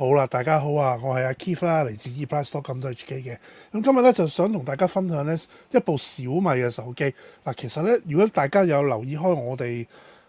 好啦，大家好啊！我係阿 Kief 啦，嚟自 E Plus Store 多州店嘅。咁、嗯、今日咧就想同大家分享咧一部小米嘅手機嗱、啊。其實咧，如果大家有留意開我哋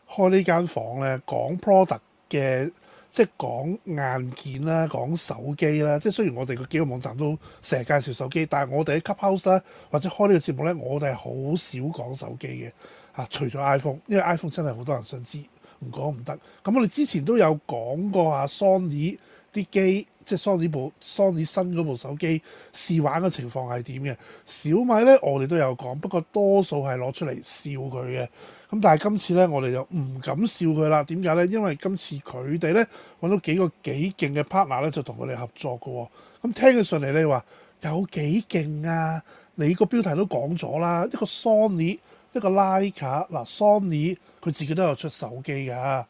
開間呢間房咧，講 product 嘅，即係講硬件啦，講手機啦。即係雖然我哋個幾個網站都成日介紹手機，但係我哋喺 Clubhouse 啦，或者開個節呢個節目咧，我哋係好少講手機嘅嚇。除咗 iPhone，因為 iPhone 真係好多人想知，唔講唔得。咁我哋之前都有講過阿、啊、Sony。啲機即係 Sony 部 Sony 新嗰部手機試玩嘅情況係點嘅？小米呢，我哋都有講，不過多數係攞出嚟笑佢嘅。咁但係今次呢，我哋就唔敢笑佢啦。點解呢？因為今次佢哋呢，揾到幾個幾勁嘅 partner 呢，就同佢哋合作嘅。咁、嗯、聽起上嚟你話有幾勁啊？你個標題都講咗啦，一個 Sony，一個 Leica。嗱 Sony 佢自己都有出手機㗎，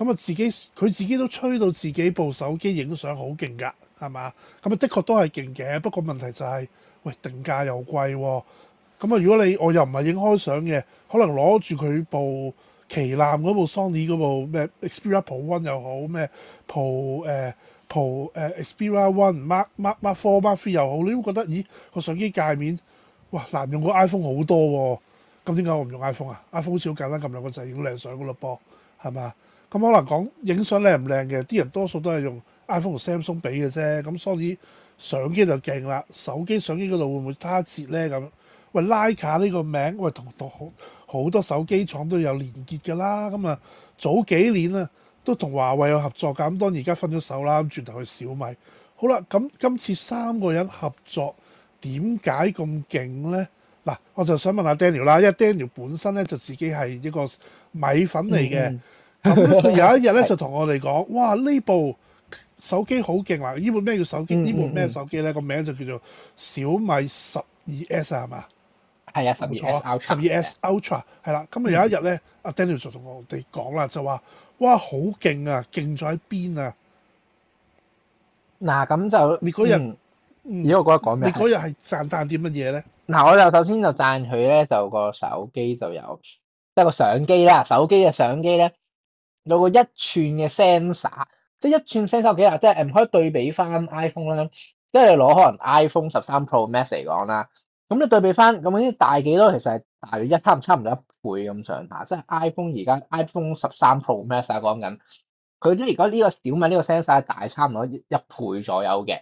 咁啊，自己佢自己都吹到自己部手機影相好勁㗎，係嘛？咁啊，的確都係勁嘅。不過問題就係、是，喂，定價又貴喎、哦。咁啊，如果你我又唔係影開相嘅，可能攞住佢部旗艦嗰部 Sony 嗰部咩 Xperia One 又好，咩 Pro 誒、呃、Pro 誒、呃呃、Xperia One Mark Mark Mark Four Mark Three 又好，你都覺得，咦，個相機界面哇難用過、哦用啊、iPhone 好多喎。咁點解我唔用 iPhone 啊？iPhone 好似好簡單，撳兩個掣影靚相㗎咯噃，係嘛？咁可能講影相靚唔靚嘅啲人多數都係用 iPhone 同 Samsung 比嘅啫。咁所以相機就勁啦。手機相機嗰度會唔會差一截呢？咁喂，徠卡呢個名喂同同好好多手機廠都有連結㗎啦。咁啊，早幾年啊都同華為有合作，咁當然而家分咗手啦。咁轉頭去小米好啦。咁今次三個人合作點解咁勁呢？嗱，我就想問下 Daniel 啦，因為 Daniel 本身咧就自己係一個米粉嚟嘅。嗯 有一日咧就同我哋講，的哇！呢部手機好勁，啊！呢部咩手機？呢部咩叫手機？呢部咩手機咧？個名就叫做小米十二 S 啊，係嘛？係啊，十二 S Ultra，十二 S Ultra 係啦。咁啊有一日咧，阿 Daniel 就同我哋講啦，就話，哇！好勁啊，勁在邊啊？嗱、啊，咁就你嗰日，咦、嗯？嗯、我覺得講咩？你嗰日係讚彈啲乜嘢咧？嗱，我就首先就讚佢咧，就個手機就有即係、就是、個相機啦，手機嘅相機咧。有個一寸嘅 sensor，即係一寸 sensor 幾大？即係唔可以對比翻 iPhone 啦，即係攞可能 iPhone 十三 Pro Max 嚟講啦。咁你對比翻咁啲大幾多？其實係大約一差唔差唔多一倍咁上下。即係 iPhone 而家 iPhone 十三 Pro Max 啊講緊，佢啲而家呢個小米呢個 sensor 大差唔多一倍左右嘅，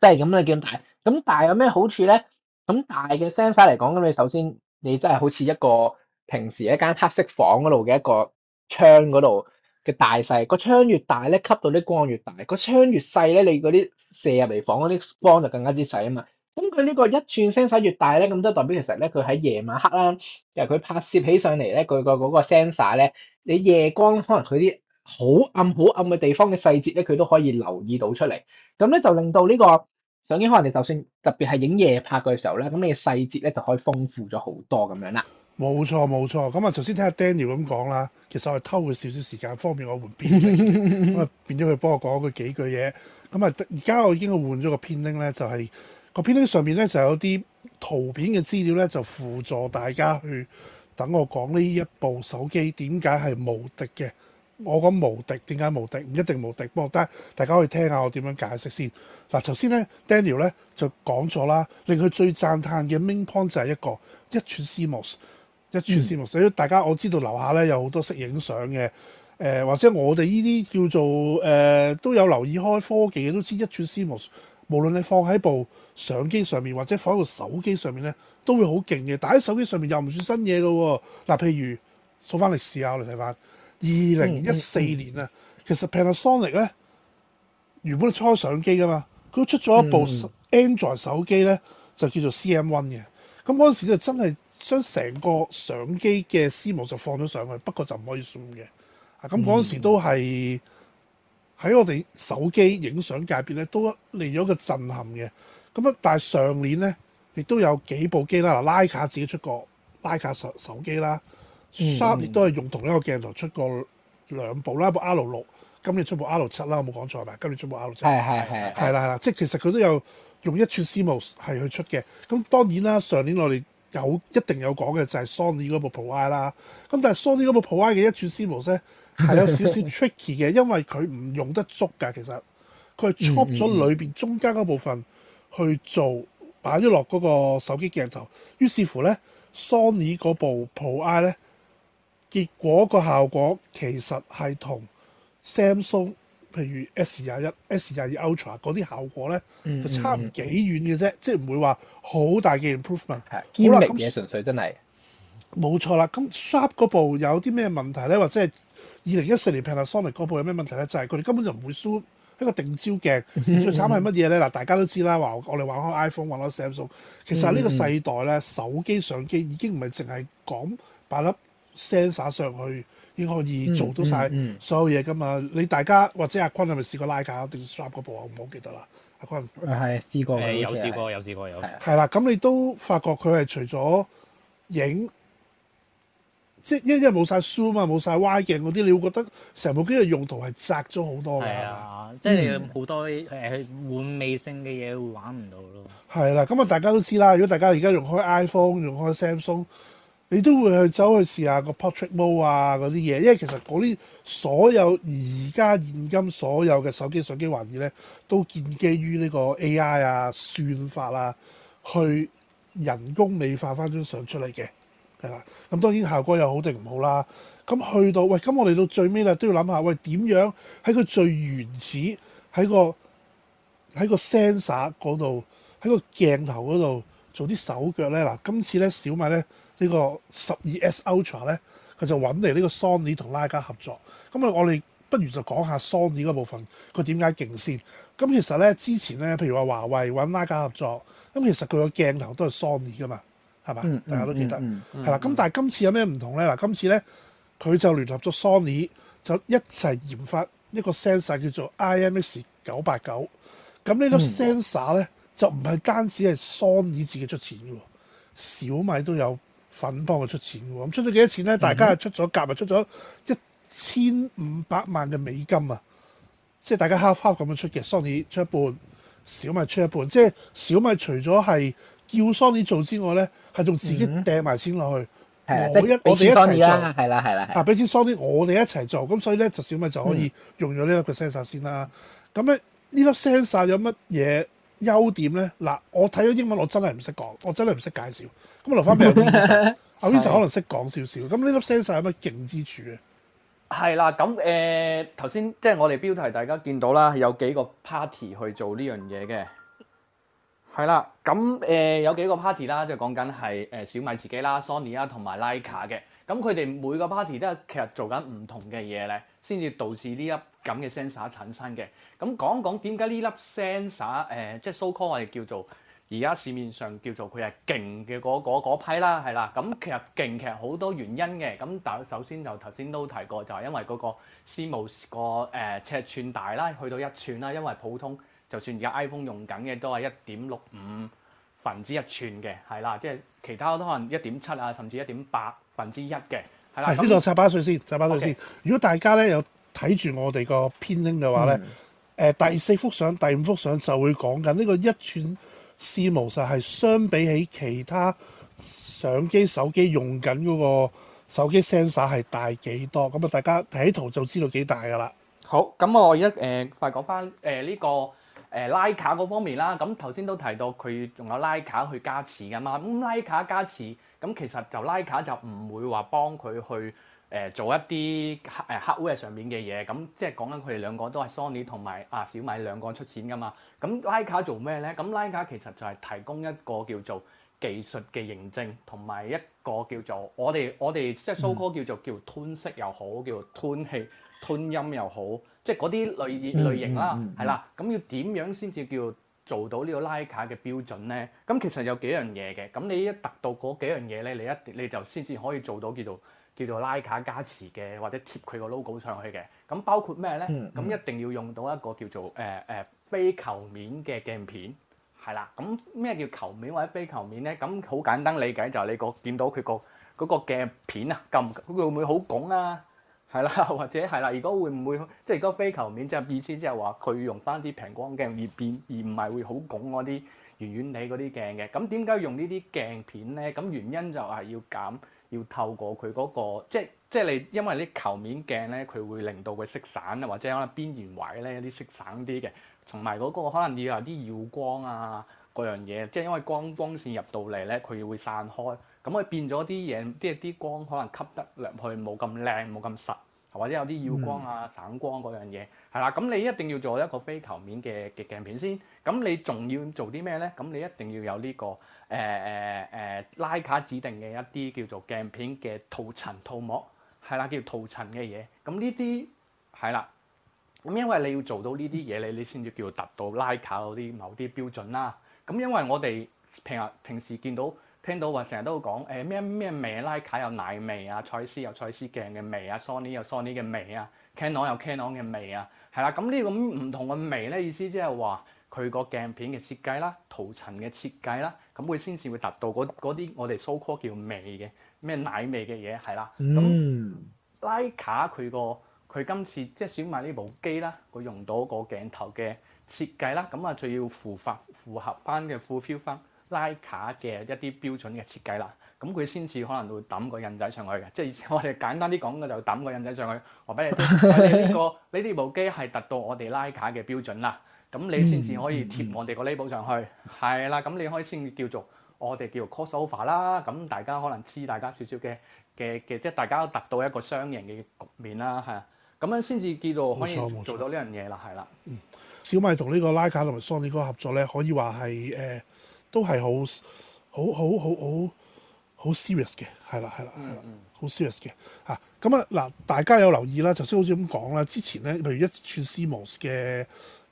即係咁你叫大。咁大有咩好處咧？咁大嘅 sensor 嚟講，咁你首先你真係好似一個平時一間黑色房嗰度嘅一個。窗嗰度嘅大細，個窗越大咧，吸到啲光越大；個窗越細咧，你嗰啲射入嚟房嗰啲光就更加之細啊嘛。咁佢呢個一寸 sensor 越大咧，咁都代表其實咧，佢喺夜晚黑啦，其實佢拍攝起上嚟咧，佢個嗰個 sensor 咧，你夜光可能佢啲好暗好暗嘅地方嘅細節咧，佢都可以留意到出嚟。咁咧就令到呢、這個相機，可能你就算特別係影夜拍嘅時候咧，咁你嘅細節咧就可以豐富咗好多咁樣啦。冇錯冇錯咁啊！頭先聽下 Daniel 咁講啦。其實我係偷佢少少時間，方便我換編鈴咁啊， 變咗佢幫我講佢幾句嘢。咁啊，而家我已經去換咗個編鈴咧，就係、是、個編鈴上面咧就有啲圖片嘅資料咧，就輔助大家去等我講呢一部手機點解係無敵嘅。我講無敵，點解無敵，唔一定無敵，不過但大家可以聽下我點樣解釋先嗱。頭先咧，Daniel 咧就講咗啦，令佢最讚嘆嘅 main point 就係一個一寸 CMOS，一寸 CMOS，所以大家我知道樓下咧有好多識影相嘅，誒、呃、或者我哋呢啲叫做誒、呃、都有留意開科技嘅，都知一寸 CMOS，嗯、無論你放喺部相機上面或者放喺部手機上面咧，都會好勁嘅。但喺手機上面又唔算新嘢嘅喎。嗱、呃，譬如數翻歷史啊，我哋睇翻，二零一四年啊，嗯嗯、其實 Panasonic 咧原本係出開相機噶嘛，佢出咗一部 Android 手機咧，嗯、就叫做 CM One 嘅。咁嗰陣時咧真係～、嗯嗯嗯將成個相機嘅 CMOS 就放咗上去，不過就唔可以 zoom 嘅啊。咁嗰陣時都係喺我哋手機影相界別咧，都嚟咗個震撼嘅。咁啊，但係上年咧亦都有幾部機啦。嗱，Leica 自己出過 Leica 手手機啦，Sharp 亦、嗯、都係用同一個鏡頭出過兩部啦，部、嗯、R 六六，今年出部 R 六七啦，我冇講錯係咪？今年出部 R 六七係係係係啦係啦，即係其實佢都有用一吋 CMOS 係去出嘅。咁當然啦，上年，上年我哋。有一定有講嘅就係 Sony 嗰部 Pro I 啦，咁、嗯、但係 Sony 嗰部 Pro I 嘅 一吋 CMOS 係有少少 tricky 嘅，因為佢唔用得足㗎，其實佢係 crop 咗裏邊中間嗰部分去做擺咗落嗰個手機鏡頭，於是乎呢 Sony 嗰部 Pro I 呢，結果個效果其實係同 Samsung。譬如 S 廿一、S 廿二 Ultra 嗰啲效果咧，就差唔幾遠嘅啫，即係唔會話好大嘅 improvement。堅明嘢純粹真係冇、嗯、錯啦。咁 Sharp 嗰部有啲咩問題咧？或者係二零一四年 Panasonic 嗰部有咩問題咧？就係佢哋根本就唔會輸一個定焦鏡。嗯嗯，最慘係乜嘢咧？嗱，大家都知啦，話我哋玩開 iPhone，玩開 Samsung。其實呢個世代咧，嗯嗯，手機相機已經唔係淨係講擺粒 sensor 上去。已經可以做到晒所有嘢㗎嘛！你大家或者阿坤係咪試過拉架定 Snap 嗰部啊？我唔好記得啦，阿坤係、啊、試過、呃、是有試過有試過有試過。係啦的，咁你都發覺佢係除咗影，即係因為冇晒 zoom 啊，冇晒歪鏡嗰啲，你會覺得成部機嘅用途係窄咗好多㗎。係啊，即係好多誒玩、嗯、味性嘅嘢會玩唔到咯。係啦，咁、嗯、啊大家都知道啦，如果大家而家用開 iPhone 用開 Samsung。你都會去走去試下個 portrait mode 啊，嗰啲嘢，因為其實嗰啲所有而家現，現今所有嘅手機相機硬件呢，都建基於呢個 AI 啊、算法啊，去人工美化翻張相出嚟嘅係啦。咁當然效果又好定唔好啦。咁去到喂，咁我哋到最尾咧都要諗下，喂點樣喺佢最原始喺個喺個 sensor 嗰度喺個鏡頭嗰度做啲手腳呢。嗱，今次呢，小米呢。呢個十二 S Ultra 咧，佢就揾嚟呢個 Sony 同徠卡合作。咁啊，我哋不如就講下 Sony 嗰部分，佢點解勁先？咁其實咧，之前咧，譬如話華為揾徠卡合作，咁其實佢個鏡頭都係 Sony 㗎嘛，係嘛？嗯嗯、大家都記得係啦。咁、嗯嗯嗯、但係今次有咩唔同咧？嗱，今次咧佢就聯合咗 Sony，就一齊研發一個 sensor 叫做 IMX 九八九。咁呢粒 sensor、嗯、咧就唔係單止係 Sony 自己出錢嘅喎，小米都有。粉幫佢出錢喎，咁出咗幾多錢咧？大家係出咗夾，係、mm hmm. 出咗一千五百萬嘅美金啊！即係大家 half half 咁樣出嘅，Sony 出一半，小米出一半。即係小米除咗係叫 Sony 做之外咧，係仲自己掟埋錢落去。係、mm，hmm. 我哋一齊做，係啦係啦。啊，俾錢 Sony，我哋一齊做，咁所以咧就小米就可以用咗、mm hmm. 呢一粒 sensor 先啦。咁咧呢粒 e sensor 有乜嘢？優點咧，嗱，我睇咗英文，我真係唔識講，我真係唔識介紹。咁留翻俾阿 Vincent，阿 Vincent 可能識講少少。咁呢粒 sensor 有乜勁之處咧？係啦，咁誒頭先即係我哋標題大家見到啦，有幾個 party 去做呢樣嘢嘅。係啦，咁誒有幾個 party 啦，即係講緊係誒小米自己啦、Sony 啦同埋 Leica 嘅。咁佢哋每個 party 都係其實做緊唔同嘅嘢咧，先至導致呢一。咁嘅 sensor 產生嘅，咁講講點解呢粒 sensor 誒、呃，即係 so call 我哋叫做而家市面上叫做佢係勁嘅嗰批啦，係啦，咁其實勁其實好多原因嘅，咁但首先就頭先都提過，就係因為嗰個 CMOS 個誒、呃呃、尺寸大啦，去到一寸啦，因為普通就算而家 iPhone 用緊嘅都係一點六五分之一寸嘅，係啦，即係其他都可能一點七啊，甚至一點八分之一嘅，係啦。係呢度插把水先，插把水先。Okay. 如果大家咧有。睇住我哋個編拎嘅話咧，誒、嗯呃、第四幅相、第五幅相就會講緊呢個一寸 CMOS，係相比起其他相機、手機用緊嗰個手機 sensor 係大幾多，咁、嗯、啊大家睇圖就知道幾大㗎啦。好，咁、嗯、我而家誒快講返誒呢個誒拉卡嗰方面啦。咁頭先都提到佢仲有拉卡去加持㗎嘛。咁、嗯、拉卡加持咁、嗯、其實就拉卡就唔會話幫佢去。誒做一啲 hardware 上面嘅嘢，咁即係講緊佢哋兩個都係 Sony 同埋啊小米兩個出錢噶嘛。咁 Leica 做咩咧？咁 Leica 其實就係提供一個叫做技術嘅認證，同埋一個叫做我哋我哋即係 so called 叫做叫做吞色又好，叫做吞氣吞音又好，即係嗰啲類型類型啦，係啦。咁要點樣先至叫做到呢個 Leica 嘅標準咧？咁其實有幾樣嘢嘅。咁你一達到嗰幾樣嘢咧，你一你就先至可以做到叫做。叫做拉卡加持嘅，或者貼佢個 logo 上去嘅。咁包括咩咧？咁、嗯嗯、一定要用到一個叫做誒誒、呃呃、非球面嘅鏡片，係啦。咁咩叫球面或者非球面咧？咁好簡單理解就係你、那個見到佢個嗰個鏡片啊，咁佢會唔會好拱啊？係啦，或者係啦。如果會唔會即係如果非球面、就是，即係意思即係話佢用翻啲平光鏡而變，而唔係會好拱嗰啲圓圓哋嗰啲鏡嘅。咁點解用呢啲鏡片咧？咁原因就係要減。要透過佢嗰個，即係即係你，因為啲球面鏡咧，佢會令到佢色散啊，或者可能邊緣位咧有啲色散啲嘅，同埋嗰個可能你有啲耀光啊嗰樣嘢，即係因為光光線入到嚟咧，佢會散開，咁佢變咗啲嘢，即係啲光可能吸得落去冇咁靚，冇咁實，或者有啲耀光啊、散光嗰樣嘢，係啦、嗯，咁你一定要做一個非球面嘅嘅鏡片先，咁你仲要做啲咩咧？咁你一定要有呢個。誒誒誒 Leica 指定嘅一啲叫做鏡片嘅塗層塗膜，係啦，叫塗層嘅嘢。咁呢啲係啦，咁因為你要做到呢啲嘢，你你先至叫做達到 Leica 嗰啲某啲標準啦。咁、嗯、因為我哋平日平時見到聽到話，成日都會講誒咩咩味，Leica 有奶味啊，蔡司有蔡司鏡嘅味啊，Sony 有 Sony 嘅味啊，Canon 有 Canon 嘅味啊，係啦、啊，咁、啊嗯、呢個唔同嘅味咧，意思即係話。佢、嗯、個鏡片嘅設，設計啦，塗層嘅設計啦，咁佢先至會達到嗰啲我哋 so called 叫味嘅咩奶味嘅嘢係啦。咁拉卡佢個佢今次即係選買呢部機啦，佢用到個鏡頭嘅設計啦，咁啊就要符合符合翻嘅 full fill 翻拉卡嘅一啲標準嘅設計啦，咁佢先至可能會揼個印仔上去嘅，即係我哋簡單啲講嘅就揼個印仔上去，我俾你， 你，你呢個呢啲部機係達到我哋拉卡嘅標準啦。咁你先至可以貼我哋個 label 上去，係啦、嗯。咁、嗯、你可以先叫做我哋叫做 cross over 啦。咁大家可能知大家少少嘅嘅嘅，即係大家都達到一個雙贏嘅局面啦，係啊。咁樣先至叫做可以冇錯做到呢樣嘢啦，係啦。嗯，小米同呢個徠卡 Leica 同 Sony 個合作咧，可以話係誒都係好好好好好好 serious 嘅，係啦，係啦，係啦，好 serious 嘅嚇。咁、嗯、啊嗱，大家有留意啦，頭先好似咁講啦。之前咧，譬如一寸 CMOS 嘅。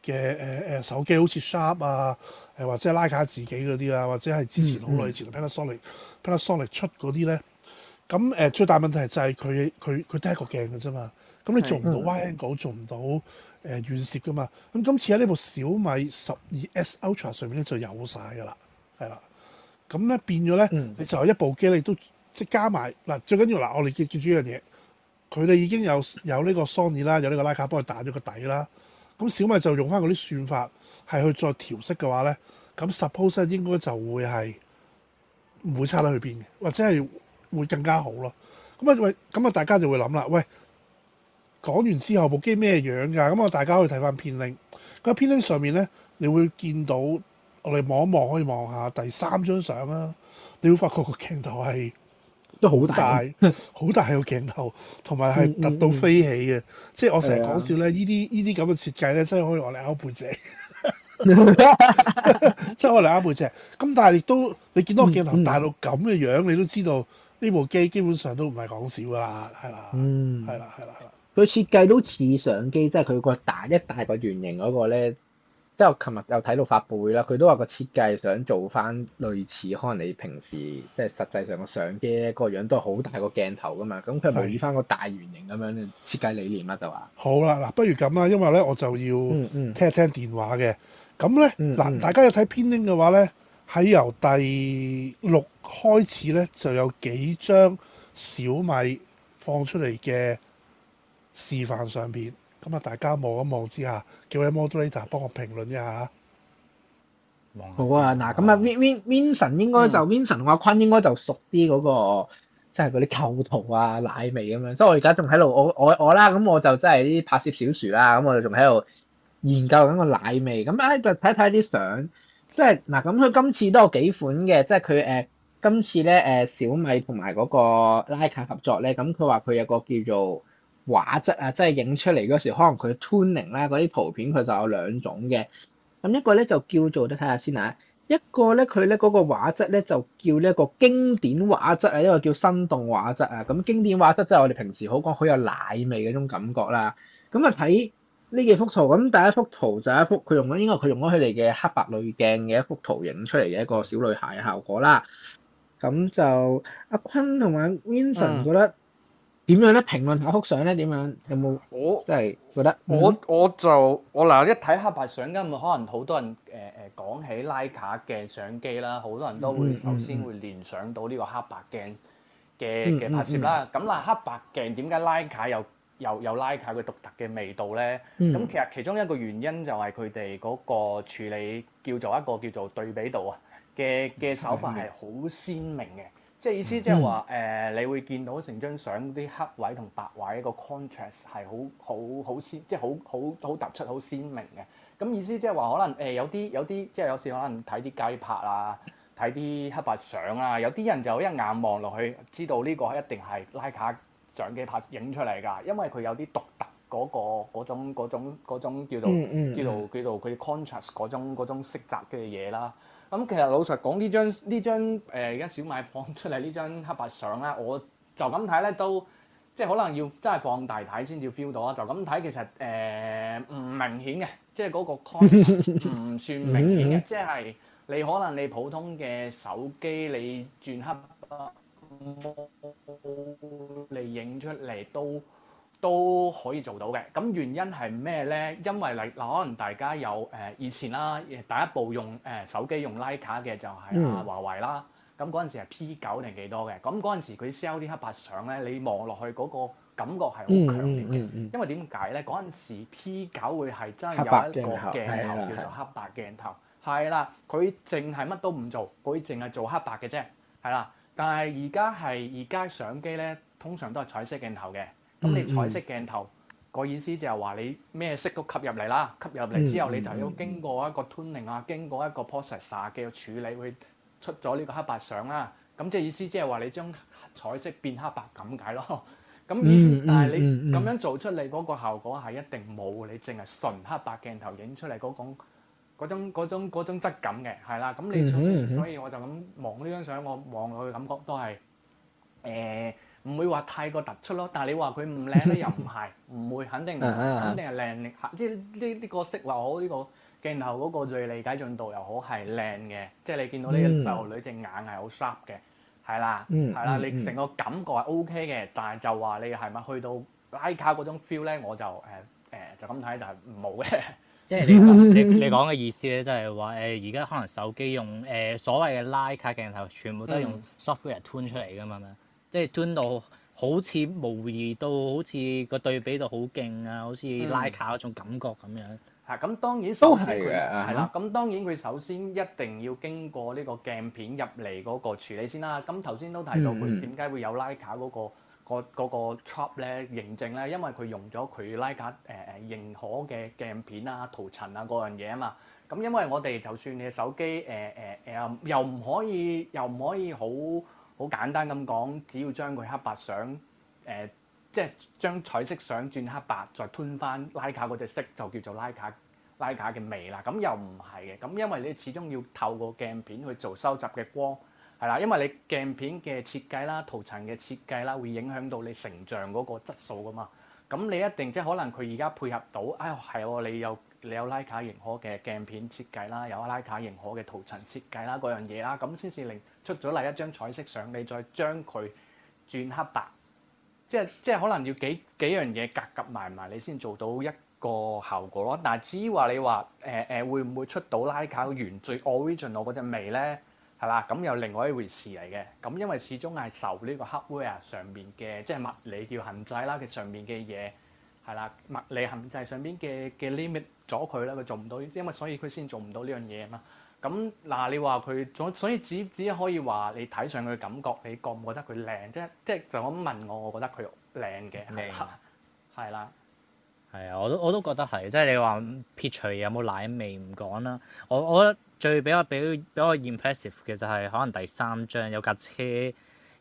嘅誒誒手機好似 s h a r p 啊，誒或者係 Lg 自己嗰啲啊，或者係支持好耐前 Panasonic Panasonic 出嗰啲咧，咁誒最大問題就係佢佢佢得一個鏡嘅啫嘛，咁你做唔到 w i d a n g l 做唔到誒遠攝噶嘛，咁今次喺呢部小米十二 S Ultra 上面咧就有晒噶啦，係啦，咁咧變咗咧，你就有一部機你都即係加埋嗱，最緊要嗱，我哋記住呢樣嘢，佢哋已經有有呢個 Sony 啦，有呢個拉卡幫佢打咗個底啦。咁小米就用翻嗰啲算法係去再調色嘅話咧，咁 suppose 咧應該就會係唔會差得去邊嘅，或者係會更加好咯。咁啊喂，咁啊大家就會諗啦，喂，講完之後部機咩樣㗎？咁啊大家可以睇翻片令，鈴，個片令上面咧，你會見到我哋望一望可以望下第三張相啦，你會發覺個鏡頭係，都好大，好 大個鏡頭，同埋係凸到飛起嘅。即係我成日講笑咧，呢啲依啲咁嘅設計咧，真係可以我哋拗背脊，即 係 可以拗背脊。咁但係亦都你見到個鏡頭大到咁嘅樣，樣， 你都知道呢部機基本上都唔係講笑㗎啦，係啦，嗯，係啦，係啦。佢設計都似相機，即係佢個大一大，一大，一大，一大一個圓形嗰個咧。即係我琴日又睇到發布會啦，佢都話個設計想做翻類似可能你平時即係實際上個相機咧個樣都係好大個鏡頭噶嘛，咁佢係咪以翻個大圓形咁樣設計理念啊？就話好啦，嗱，不如咁啦，因為咧我就要聽一聽電話嘅，咁咧嗱，大家有睇編拎嘅話咧，喺、嗯嗯、由第六開始咧就有幾張小米放出嚟嘅示範相片。咁啊，大家望一望之下，叫位 moderator 幫我評論一下。看一看好啊，嗱，咁啊，Vin Vin Vincent 應該就、嗯、Vincent 同阿坤應該就熟啲嗰、嗰個，即係嗰啲構圖啊、奶味咁樣。所以我在在，我而家仲喺度，我我我啦，咁我就真係啲拍攝小薯啦，咁我哋仲喺度研究緊個奶味。咁啊，喺度睇睇啲相，即係嗱，咁佢今次都有幾款嘅，即係佢誒今次咧誒、呃、小米同埋嗰個萊卡合作咧，咁佢話佢有個叫做。畫質啊，即係影出嚟嗰時，可能佢 tuning 咧嗰啲圖片，佢就有兩種嘅。咁一個咧就叫做，你睇下先啊。一個咧佢咧嗰個畫質咧就叫呢一個經典畫質啊，一個叫生動畫質啊。咁經典畫質即係我哋平時好講好有奶味嗰種感覺啦。咁啊睇呢幾幅圖，咁第一幅圖就係一幅佢用咗，應該佢用咗佢哋嘅黑白濾鏡嘅一幅圖影出嚟嘅一個小女孩嘅效果啦。咁就阿坤同埋 Vincent 覺得。嗯點樣咧？評論下幅相咧？點樣有冇？我即係覺得我我就我嗱一睇黑白相咁，可能好多人誒誒講起拉卡鏡相機啦，好多人都會首先會聯想到呢個黑白鏡嘅嘅拍攝啦。咁嗱、嗯，嗯嗯、黑白鏡點解拉卡有又有，有拉卡佢獨特嘅味道咧？咁、嗯、其實其中一個原因就係佢哋嗰個處理叫做一個叫做對比度啊嘅嘅手法係好鮮明嘅。即係意思、就是，即係話誒，你會見到成張相啲黑位同白位一個 contrast 係好好好鮮，即係好好好突出、好鮮明嘅。咁意思、就是呃、即係話，可能誒有啲有啲，即係有時可能睇啲街拍啊，睇啲黑白相啊，有啲人就一眼望落去，知道呢個一定係 Leica 相機拍影出嚟㗎，因為佢有啲獨特嗰、嗰個嗰種，種，種叫做、mm hmm. 叫做叫做佢 contrast 嗰種嗰種色澤嘅嘢啦。咁其實老實講呢張呢張誒而家小米放出嚟呢張黑白相咧，我就咁睇咧，都即係可能要真係放大睇先至 feel 到啊！就咁睇其實誒唔、呃、明顯嘅，即係嗰個 contrast 唔算明顯嘅， 即係你可能你普通嘅手機你轉黑白你影出嚟都。都可以做到嘅。咁原因係咩咧？因為你嗱，可能大家有誒、呃、以前啦，第一部用誒、呃、手機用 Leica 嘅就係啦、啊，華為啦。咁嗰陣時係 P 九定幾多嘅？咁嗰陣時佢 sell 啲黑白相咧，你望落去嗰個感覺係好強烈嘅。嗯嗯嗯嗯、因為點解咧？嗰陣時 P 九會係真係有一個鏡頭，鏡頭、啊、叫做黑白鏡頭，係啦、啊，佢淨係乜都唔做，佢淨係做黑白嘅啫，係啦、啊。但係而家係而家相機咧，通常都係彩，彩色鏡頭嘅。咁、嗯、你彩色鏡頭、嗯、個意思就係話你咩色都吸入嚟啦，吸入嚟之後你就要經過一個 toning 啊，經過一個 processor 嘅處理，去出咗呢個黑白相啦、啊。咁即係意思即係話你將彩色變黑白咁解咯。咁、那個、但係你咁樣做出嚟嗰個效果係一定冇，你淨係純黑白鏡頭影出嚟嗰種嗰種嗰種嗰種質感嘅，係啦。咁你、嗯嗯嗯嗯、所以我就咁望呢張相，我望落去感覺都係誒。呃唔會話太過突出咯，但係你話佢唔靚咧又唔係，唔 會肯定肯定係靚。即係呢啲個色又好，呢、這個鏡頭嗰個銳利解進度又好係靚嘅。即係你見到呢個細路女隻眼係好 sharp 嘅，係啦，係啦， 你成個感覺係 O K 嘅，但係就話你係咪去到拉卡嗰種 feel 咧？我就誒誒、呃、就咁睇就係冇嘅。即係你你講嘅意思咧，即係話誒而家可能手機用誒、呃、所謂嘅拉卡鏡頭，全部都係用 software tune 出嚟㗎嘛？ 即係 tune 到好似模擬到好似個對比到好勁啊，好似拉卡嗰種感覺咁樣。嚇、嗯，咁 當然都係嘅，係啦了。咁、啊、當然佢首先一定要經過呢個鏡片入嚟嗰個處理先啦。咁頭先都提到佢點解會有拉卡嗰個、嗯那個嗰、那個 chop 咧，認證咧，因為佢用咗佢拉卡誒誒認可嘅鏡片啊、塗層啊嗰樣嘢啊嘛。咁因為我哋就算你手機誒誒誒又唔可以又唔可以好。好簡單咁講，只要將佢黑白相，誒、呃，即係將彩色相轉黑白，再吞翻 Leica 嗰隻色，就叫做 Leica，Leica 嘅味啦。咁又唔係嘅，咁因為你始終要透過鏡片去做收集嘅光，係啦，因為你鏡片嘅設計啦、塗層嘅設計啦，會影響到你成像嗰個質素㗎嘛。咁你一定即係可能佢而家配合到，啊、哎，係喎，你又。你有拉卡認可嘅鏡片設計啦，有拉卡認可嘅塗層設計啦，嗰樣嘢啦，咁先至令出咗嚟一張彩色相，你再將佢轉黑白，就是，即係即係可能要幾幾樣嘢夾夾埋埋，你先做到一個效果咯。但係至於話你話誒誒會唔會出到拉卡原最 original 嗰隻味咧，係嘛？咁又另外一回事嚟嘅。咁因為始終係受呢個 hardware 上面嘅，即係物理叫限制啦，佢上面嘅嘢。係啦，物理限制上邊嘅嘅 limit 阻佢啦，佢做唔到，因為所以佢先做唔到呢樣嘢啊嘛。咁、嗯、嗱，你話佢，所以只只可以話你睇上佢感覺，你覺唔覺得佢靚？即即就咁問我，我覺得佢靚嘅，係啦，係 啊了，我都我都覺得係。即係你話撇除有冇奶味唔講啦，我我覺得最比較比比較 impressive 嘅就係可能第三張有架車。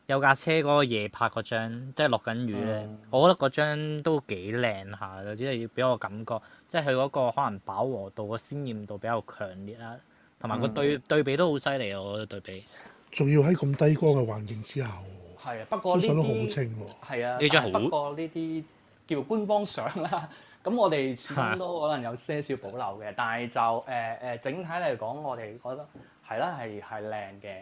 有架車嗰個夜拍嗰張，即係落緊雨咧。嗯、我覺得嗰張都幾靚下，就只係要俾我感覺，即係佢嗰個可能飽和度、個鮮豔度比較強烈啦，同埋個對、嗯、對比都好犀利。我覺得對比，仲要喺咁低光嘅環境之下，係啊，不過呢啲相都好清，係啊，呢張好清。不過呢啲叫官方相啦。 咁我哋始終都可能有些少保留嘅，但係就誒，誒、呃，整體嚟講，我哋覺得係啦，係，係靚嘅。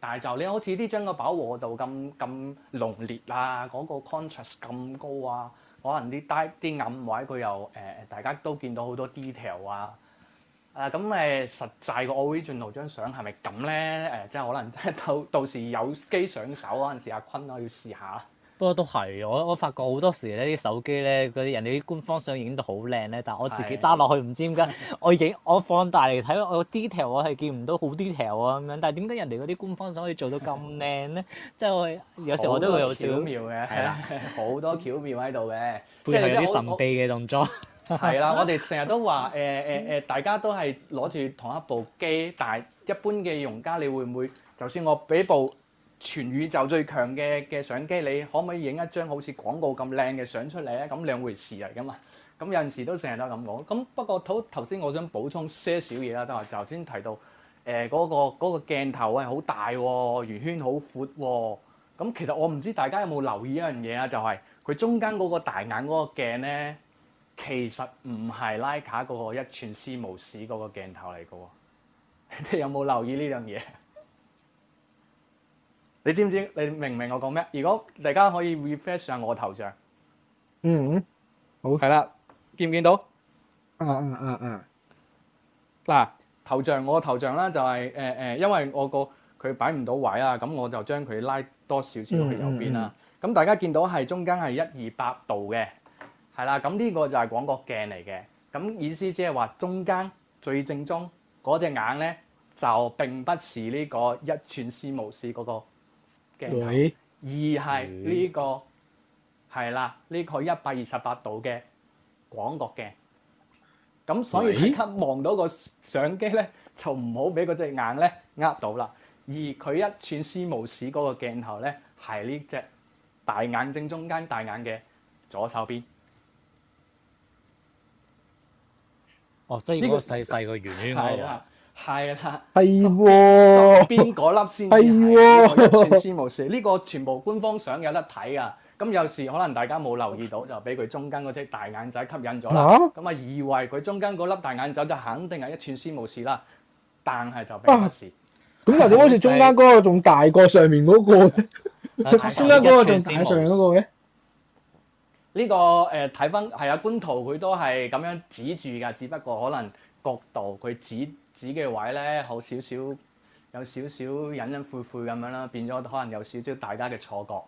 但係就你好似啲張個飽和度咁咁濃烈啊，嗰、那個 contrast 咁高啊，可能啲 d 啲暗位佢又誒、呃，大家都見到好多 detail 啊。誒、啊，咁誒，實際個 original 張相係咪咁咧？誒、呃，即、就、係、是、可能即係到到時有機上手嗰陣時，阿坤我要試下。不過都係，我我發覺好多時咧，啲手機咧，嗰啲人哋啲官方相影到好靚咧，但係我自己揸落去唔知點解，的我影我放大嚟睇，我 detail 我係見唔到好 detail 啊咁樣。但係點解人哋嗰啲官方相可以做到咁靚咧？的即係我有時我都會有巧妙嘅，係啦，好多巧妙喺度嘅，的背後有啲神秘嘅動作。係啦，我哋成日都話誒誒誒，大家都係攞住同一部機，但係一般嘅用家，你會唔會就算我俾部全宇宙最強嘅嘅相機，你可唔可以影一張好似廣告咁靚嘅相出嚟咧？咁兩回事嚟㗎嘛？咁有陣時都成日都咁講。咁不過好頭先，我想補充些少嘢啦。即係頭先提到，誒、呃、嗰、嗰個嗰、嗰個鏡頭係好大，圓圈好闊。咁、哦、其實我唔知大家有冇留意一樣嘢啊？就係、是、佢中間嗰個大眼嗰個鏡咧，其實唔係徠卡嗰個一寸 CMOS 嗰個鏡頭嚟嘅喎。你哋有冇留意呢樣嘢？你知唔知？你明唔明我講咩？如果大家可以 refresh 上我頭像，嗯，嗯好係啦，見唔見到？嗯、啊，啊啊啊！嗱、啊，頭像我個頭像咧就係誒誒，因為我個佢擺唔到位、嗯嗯、啊，咁我就將佢拉多少少去右邊啦。咁大家見到係中間係一二八度嘅，係啦。咁呢個就係廣角鏡嚟嘅。咁意思即係話中間最正宗嗰隻眼咧，就並不是呢個一寸絲毛絲嗰個。鏡、嗯、而係呢、呢個係啦，呢、嗯呢個一百二十八度嘅廣角鏡。咁、嗯、所以即刻望到個相機咧，就唔好俾嗰隻眼咧呃到啦。而佢一寸絲毛氏嗰個鏡頭咧，係呢隻大眼睛中間大眼嘅左手邊。哦，即係呢個細細個軟軟的、嗰個圓圈嗰度。哦。係啦，係喎，邊嗰粒先係一寸絲毛事？呢個全部官方相有得睇啊。咁有時可能大家冇留意到，就俾佢中間嗰隻大眼仔吸引咗啦。咁啊，以為佢中間嗰粒大眼仔就肯定係一寸絲毛事啦。但係就，咁就者好似中間嗰個仲大過上面嗰、嗰個是是 中間嗰個仲大上面嗰、嗰個嘅？呢個誒睇翻係啊官圖佢都係咁樣指住㗎，只不過可能角度佢指。子嘅位咧，好少少，有少少隱隱晦晦咁樣啦，變咗可能有少少大家嘅錯覺。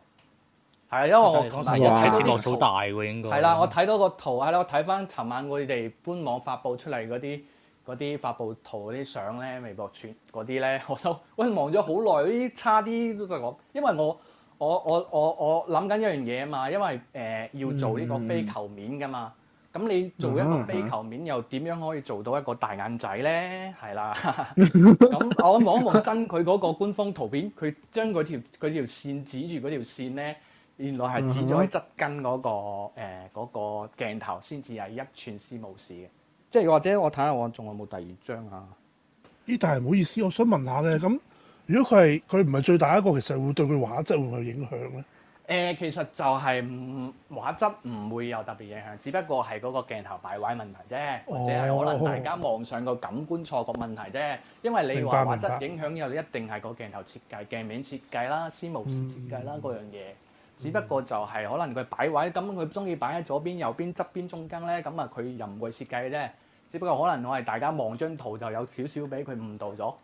係啊哇，因為我睇個投大喎，應該係啦。我睇到個圖係啦，我睇翻尋晚佢哋官網發布出嚟嗰啲嗰啲發布圖嗰啲相咧，微博傳嗰啲咧，我都喂忙咗好耐，啲差啲都就講，因為我我我我我諗緊一樣嘢啊嘛，因為誒要做呢個非球面噶嘛。嗯咁你、嗯、做一個非球面又點樣可以做到一個大眼仔咧？係啦，咁我望一望真佢嗰個官方圖片，佢將嗰條嗰條線指住嗰條線咧，原來係指咗喺側跟嗰個誒嗰個鏡頭先至係一寸絲毛事嘅。即係 或者我睇下我仲有冇第二張啊？咦，但係唔好意思，我想問下咧，咁如果佢係佢唔係最大一個，其實會對佢畫質會唔會影響咧？誒，其實就係畫質唔會有特別影響，只不過係嗰個鏡頭擺位問題啫，哦、或者係可能大家望上個感官錯覺問題啫。因為你話畫質影響又一定係個鏡頭設計、明白、鏡面設計啦、CMOS 設計啦嗰、嗯、樣嘢。只不過就係可能佢擺位，咁佢中意擺喺左邊、右邊、側邊、中間呢，咁啊佢又唔會設計啫。只不過可能我係大家望張圖就有少少俾佢誤導咗。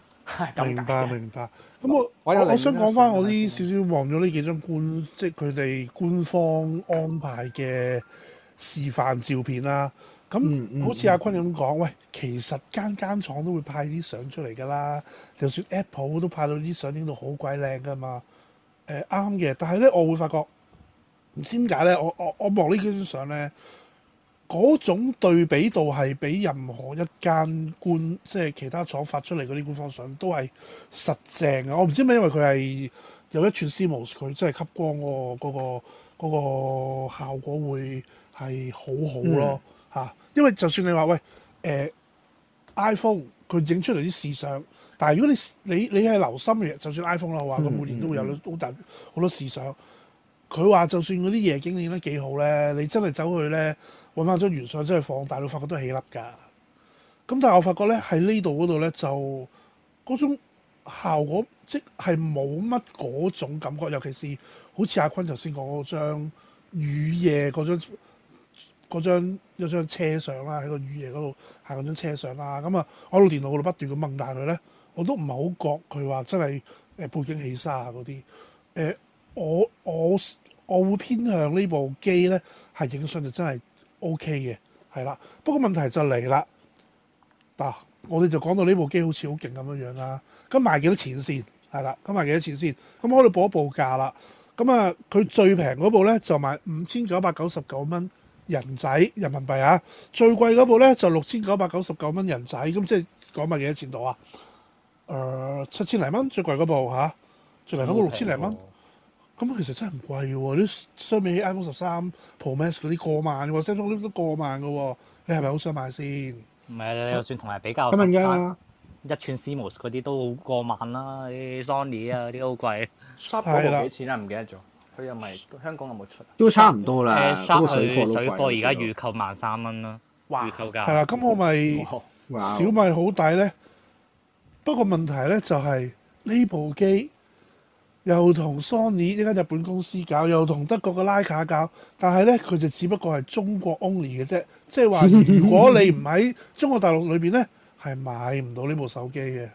明白明白。咁我我想講翻我啲少少望咗呢幾張官，啊、即係佢哋官方安排嘅示範照片啦、啊。咁、嗯、好似阿坤咁講，喂，其實間間廠都會派啲相出嚟㗎啦。就算 Apple 都派到啲相影到好鬼靚㗎嘛。誒啱嘅，但係咧，我會發覺唔知點解咧。我我我望呢幾張相咧。嗰種對比度係比任何一間官即係、就是、其他廠發出嚟嗰啲官方相都係實正啊！我唔知係咪，因為佢係有一串 CMOS，佢真係吸光嗰、那個嗰、那個那個效果會係好好咯嚇。嗯、因為就算你話喂誒、呃、iPhone 佢影出嚟啲試相，但係如果你你你係留心嘅，就算 iPhone 啦，我話佢每年都會有好大好多試相。佢話、嗯嗯、就算嗰啲夜景影得幾好咧，你真係走去咧～揾翻張原相真係放大到我發覺都起粒㗎。咁但係我發覺咧，喺呢度嗰度咧，就嗰種效果即係冇乜嗰種感覺，尤其是好似阿坤頭先講嗰張雨夜嗰張嗰張有張車相啦，喺個雨夜嗰度行嗰張車相啦。咁啊，我喺電腦嗰度不斷咁掹大佢咧，我都唔係好覺佢話真係誒、呃、背景起沙嗰啲。誒、呃、我我我會偏向呢部機咧係影相就真係。O K 嘅，係啦、okay。不過問題就嚟啦，嗱、啊，我哋就講到呢部機好似好勁咁樣樣啦。咁賣幾多錢先？係啦，咁賣幾多錢先？咁我哋報一報價啦。咁啊，佢最平嗰部咧就賣五千九百九十九蚊人仔人民幣啊，最貴嗰部咧就六千九百九十九蚊人仔。咁即係講埋幾多錢到啊？誒、啊呃，七千零蚊最貴嗰部嚇、啊，最平嗰六千零蚊。咁其實真係唔貴喎，啲相比 iPhone 十三 Pro Max 嗰啲過萬，我 Samsung 都過萬嘅喎，你係咪好想買先？唔係、啊，你就算同埋比較，一寸 CMOS 嗰啲都好過萬啦，啲 Sony 啊啲都好貴。三嗰部幾錢啊？唔記得咗。佢又咪香港有冇出？都差唔多、啊、1, 啦。三水水貨而家預購萬三蚊啦。預購價。係啦、 嗯，咁、 嗯、我咪小米好抵咧。不過問題咧就係、是、呢部機。又同 Sony 呢間日本公司搞，又同德國個徠卡搞，但係咧佢就只不過係中國 only 嘅啫，即係話如果你唔喺中國大陸裏邊咧，係買唔到呢部手機嘅。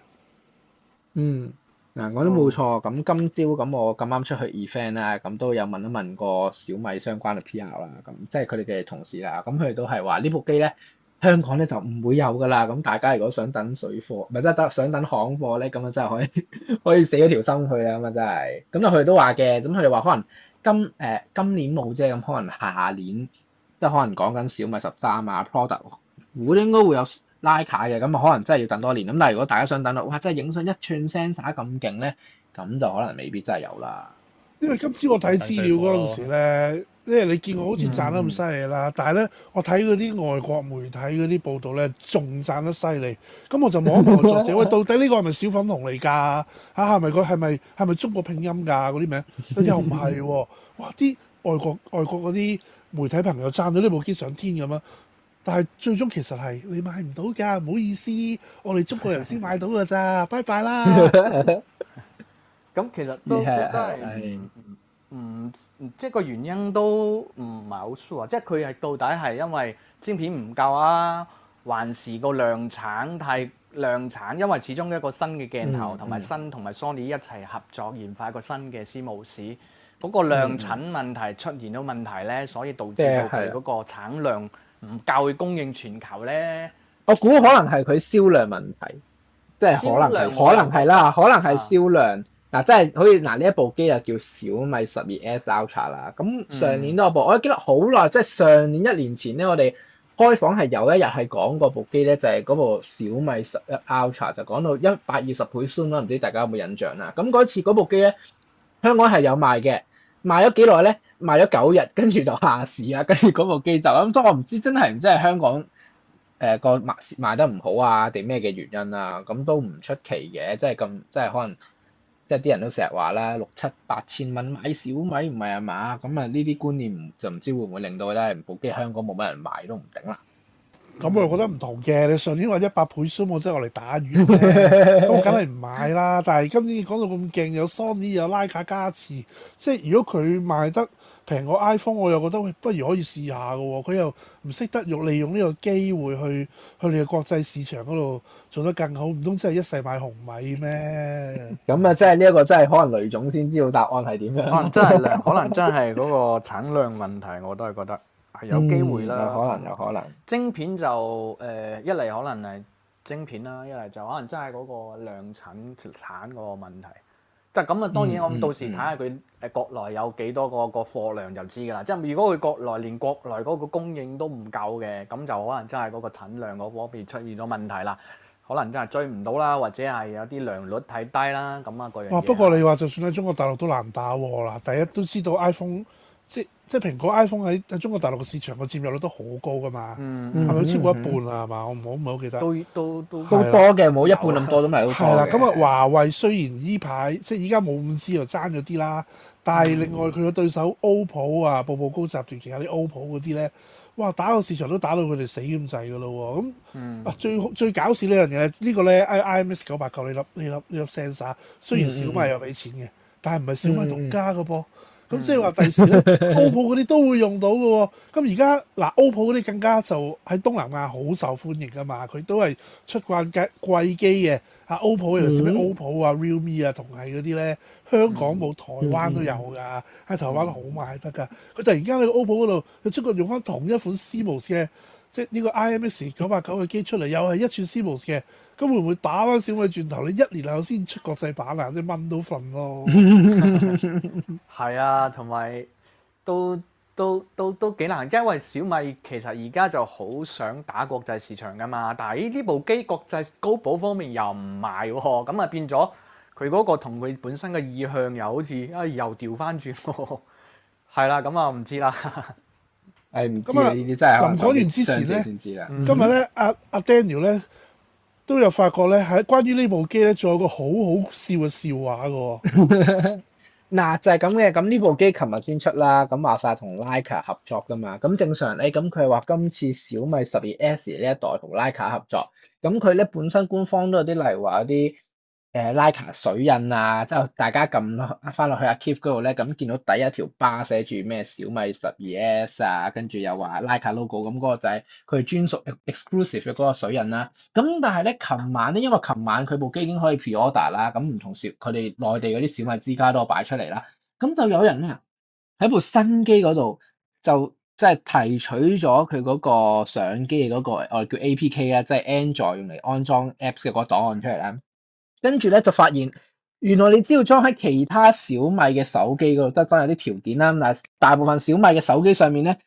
嗯，嗱，我都冇錯。咁今朝咁我咁啱出去 event 啦，咁都有問一問過小米相關嘅 PR 啦，咁即係佢哋嘅同事啦。咁佢哋都係話呢部機咧。香港咧就唔會有噶啦，咁大家如果想等水貨，唔係即係想等行貨咧，咁啊真係可以 可以死咗條心去啦，咁啊真係。咁但佢哋都話嘅，咁佢哋話可能今誒、呃、今年冇啫，咁可能下年即係可能講緊小米十三啊，product 都應該會有拉卡嘅，咁啊可能真係要等多年。咁但係如果大家想等，到，哇！真係影相一吋 sensor 咁勁咧，咁就可能未必真係有啦。因為今朝我睇資料嗰陣時咧。咧你見我好似賺得咁犀利啦，但係呢，我睇嗰啲外國媒體嗰啲報道呢，仲賺得犀利，咁我就望一望作者，喂，到底呢個係咪小粉紅嚟㗎？吓係咪佢係咪係咪中國拼音㗎嗰啲名？又唔係喎，哇！啲外國外國嗰啲媒體朋友讚到呢部機上天咁啊！但係最終其實係你買唔到㗎，唔好意思，我哋中國人先買到㗎咋， 拜拜啦！咁 其實都真係。Yeah, 唔即係個原因都唔係好 sure，即係佢係到底係因為芯片唔夠啊，還是個量產太量產？因為始終一個新嘅鏡頭同埋新同埋 Sony 一齊合作研發一個新嘅 CMOS，嗰個量產問題出現咗問題咧，所以導致到佢嗰個產量唔夠去供應全球咧。我估可能係佢銷量問題，即係可能可能係啦，可能係銷量。嗱、啊，真係好似嗱，呢、啊、一部機就叫小米十二 s Ultra 啦。咁上年嗰部，嗯、我記得好耐，即係上年一年前咧，我哋開房係有一日係講嗰部機咧，就係、是、嗰部小米十一 Ultra，就講到一百二十倍 Zoom 啦。唔知大家有冇印象啦？咁嗰次嗰部機咧，香港係有賣嘅，賣咗幾耐咧？賣咗九日，跟住就下市啦。跟住嗰部機就咁，所以我唔知真係唔真係香港誒個賣賣得唔好啊，定咩嘅原因啦、啊？咁都唔出奇嘅，即係咁，即係可能。即係啲人都成日話咧，六七八千蚊買小米唔係啊嘛，咁啊呢啲觀念就唔知會唔會令到咧部機香港冇乜人買都唔定唔頂啦。咁我、嗯、 覺得唔同嘅，你上年話一百倍數真係我嚟打魚，咁梗係唔買啦。但係今年講到咁勁，有 Sony 有拉卡加持。即係如果佢賣得。平過 iPhone，我又覺得喂，不如可以試下㗎喎。佢又唔識得用利用呢個機會去去你嘅國際市場嗰度做得更好，唔通真係一世買紅米咩？咁啊、嗯，即係呢一個真係可能雷總先知道答案係點樣。可能真係可能真係嗰個產量問題，我都係覺得係有機會啦。可能有可能晶片就誒、呃，一嚟可能係晶片啦，一嚟就可能真係嗰個量產產嗰個問題。咁啊！嗯嗯、當然我到時睇下佢，誒，國內有幾多個個貨量就知㗎啦。嗯嗯、即係如果佢國內連國內嗰個供應都唔夠嘅，咁就可能真係嗰個產量嗰方面出現咗問題啦。可能真係追唔到啦，或者係有啲良率太低啦，咁啊嗰樣嘢。哇！不過你話就算喺中國大陸都難打喎，嗱，第一都知道 iPhone 即。即係蘋果 iPhone 喺中國大陸嘅市場個佔有率都好高㗎嘛，係咪、um, 超過一半啊？係嘛？我唔好唔係好記得。都都都多嘅，冇一半咁多都唔係好多。係啦，咁啊華為雖然依排即係依家冇五 G 又爭咗啲啦，但係另外佢嘅對手 OPPO 啊、步步高集團，或者其他啲 OPPO 嗰啲咧，哇，打到市場都打到佢哋死咁滯㗎咯喎！咁啊最最搞笑呢樣嘢咧，呢、呢個咧 I I M S 九百九 I IMX 989呢粒呢粒呢粒 sensor，雖然小米又俾錢嘅，um, um, 但係唔係小米獨家嘅噃。咁、嗯、 即係話第時咧，OPPO 嗰啲都會用到嘅喎、哦。咁而家嗱，OPPO 嗰啲更加就喺東南亞好受歡迎㗎嘛。佢都係出慣貴貴機嘅。啊，OPPO 尤其是 OPPO 啊、Realme 啊同係嗰啲咧，香港冇，台灣都有㗎。喺台灣好賣得㗎。佢突然間去到 OPPO 嗰度，佢出過用翻同一款 c m o s 嘅，即係呢個 IMX 九八九嘅機出嚟，又係一吋 CMOS 嘅。咁會唔會打翻小米轉頭？你一年後先出國際版 啊，即係掹到份咯。係啊，同埋都都都都幾難，因為小米其實而家就好想打國際市場噶嘛。但係呢部機國際高保方面又唔賣喎，咁啊變咗佢嗰個同佢本身嘅意向又好似啊又調翻轉，係啦，咁啊唔知啦。係唔知啊？呢啲真係臨講完之前咧先、 哎、知啦。今日咧阿阿 Daniel 咧。嗯都有發覺咧，喺關於呢部機咧，仲有個好好笑嘅笑話嘅、哦。嗱、 啊、就係咁嘅，咁呢部機琴日先出啦，咁話晒同 Leica 合作噶嘛，咁正常咧，咁佢係話今次小米十二 S 呢一代同 Leica 合作，咁佢咧本身官方都有啲例如話有啲。誒，Leica、uh, 水印啊，之後大家撳落翻落去阿 Keith 嗰度咧，咁、啊、見到第一條巴寫住咩小米十二 S 啊，跟住又話 Leica logo，咁嗰個就係佢專屬 exclusive 嘅嗰個水印啦、啊。咁但係咧，琴晚咧，因為琴晚佢部機已經可以 pre order 啦，咁唔同時佢哋內地嗰啲小米之家都擺出嚟啦，咁就有人咧喺部新機嗰度就即係、就是、提取咗佢嗰個相機嗰、那個我、哦、叫 APK 啦，即係 Android 用嚟安裝 apps 嘅嗰個檔案出嚟啦。跟住咧就發現，原來你只要裝喺其他小米嘅手機嗰度，即係當有啲條件啦。嗱，大部分小米嘅手機上面咧，